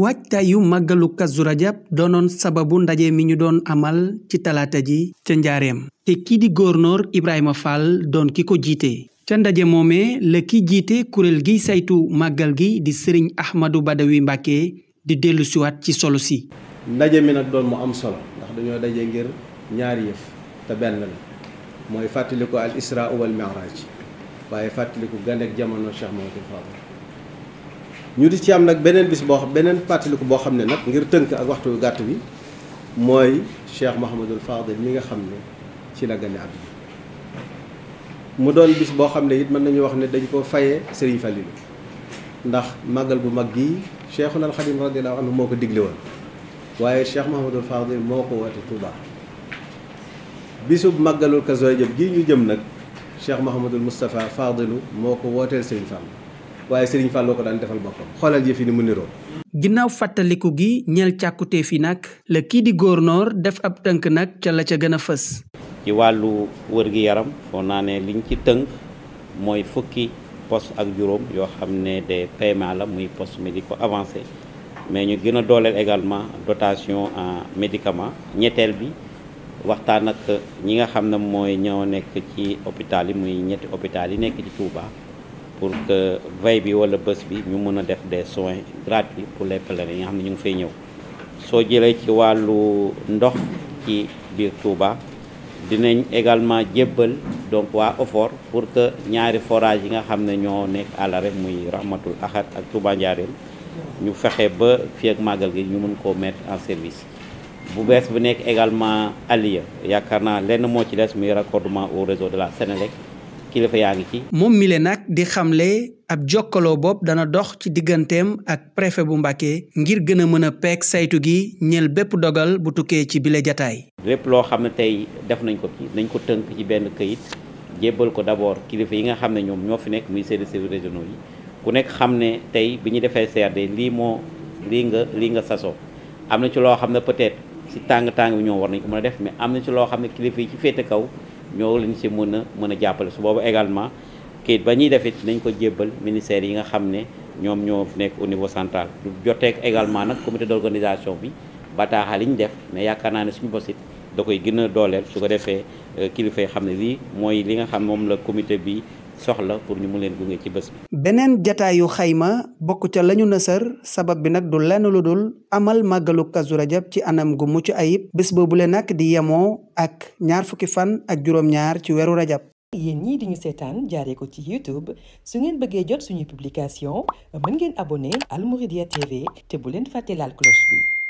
waajtaayu màggalu kazu rajab doonoon sababu ndaje mi ñu doon amal ci talaata ji ca njaareem te kii di góornoor Ibrahima Fall doon ki ko jiite ca ndaje moomee la ki jiite kuréel gi saytu màggal gi di sëriñ bada wi Mbàkke di dellu siwaat ci solo si ndaje mi nag doon mu am solo ndax dañoo daje ngir ñaari yëf te benn la mooy fàttaliku al isra wal mi'raj waaye fàttaliku gànneek jamono Cheikh Mamadou ñu di ci am nag beneen bis boo xam beneen fàttaliku boo xam ne nag ngir tënk ak waxtu gàtt bi mooy Cheikh Mouhamadul Fadil mi nga xam ne ci la gane àdduna mu doon bis boo xam ne it mën nañu wax ne dañ ko fayee Serigne Fallou ndax màggal bu mag gii Cheikhul Khadim radiyallahu anhu moo ko digle woon waaye Cheikh Mouhamadul Fadil moo ko woote Touba bisub màggalul Kazu Rajab gii ñu jëm nag Cheikh Mouhamadul Moustapha Fadilu moo ko wootee Serigne Fallou waaye Serigne fàlloo ko daan defal boppam xoolal jëf fi ni mu niroo. ginnaaw fàttaliku gi ñeel càkkutee fi nag la kii di góornoor def ab tënk nag ca la ca gën a fës. ci wàllu wër gi yaram foo naa ne liñ ci tënk mooy fukki poste ak juróom yoo xam ne des paiements la muy poste médico avancé mais ñu gën a dooleel également dotation en médicament ñetteel bi. waxtaan nag ñi nga xam ne mooy ñoo nekk ci hôpital yi muy ñetti hôpital yi nekk ci Touba pour que veille bi wala bés bi ñu mën a def des soins gratuits pour les pèlerins yi nga xam ne ñu ngi fay ñëw soo jëlee ci wàllu ndox ci biir Touba dinañ également jébbal donc waa OFOR pour que ñaari forage yi nga xam ne ñoo nekk àll rek muy raxmatul Ahad ak Touba Ndiarène ñu fexe ba fii ak màggal gi ñu mën koo mettre en service bu bees bu nekk également allier yaakaar naa lenn moo ci des muy raccordement au réseau de la Sénélec kilifa yaa ngi ci. moom mi le nag di xam xamle ab jokkaloo bopp dana dox ci digganteem ak préfet bu Mbacké ngir gën a mën a peeg saytu gi ñeel bépp dogal bu tukkee ci bile jataay. lépp loo xam ne tey def nañ ko ci nañ ko tënk ci benn këyit jébbal ko d'abord kilifa yi nga xam ne ñoom ñoo fi nekk muy seen services régionaux yi ku nekk xam ne tey bi ñu defee CRD lii moo lii nga lii nga sasoo am na ci loo xam ne peut-être si tàng tàng bi ñoom war nañ ko mën a def mais am na ci loo xam ne kilifa yi ci féete kaw. ñoo leen si mën a mën a jàppale su boobu également kayit ba ñuy def it nañ ko jébbal ministères yi nga xam ne ñoom ñoo nekk au niveau central du joteek également nag comité d'organisation bi bataaxal yi ñu def mais yaakaar naa ne suñu bosit da koy gën a dooleel su ko defee euh, kilifa yi xam ne lii mooy li nga xam moom la comité bi soxla pour ñu mu leen gunge ci bés bi. beneen jataayu xayma bokk ca lañu nësër sabab bi nag du lenn lu dul amal màggalu kazu rajab ci anam gu mucc ayib bés leen nag di yemoo ak ñaar fukki fan ak juróom-ñaar ci weeru rajab. yéen ñii di ñu seetaan jaaree ko ci YouTube su ngeen bëggee jot suñu publication mën ngeen abonné Al Mouridiyyah TV te bu leen fàtte laal cloche bi.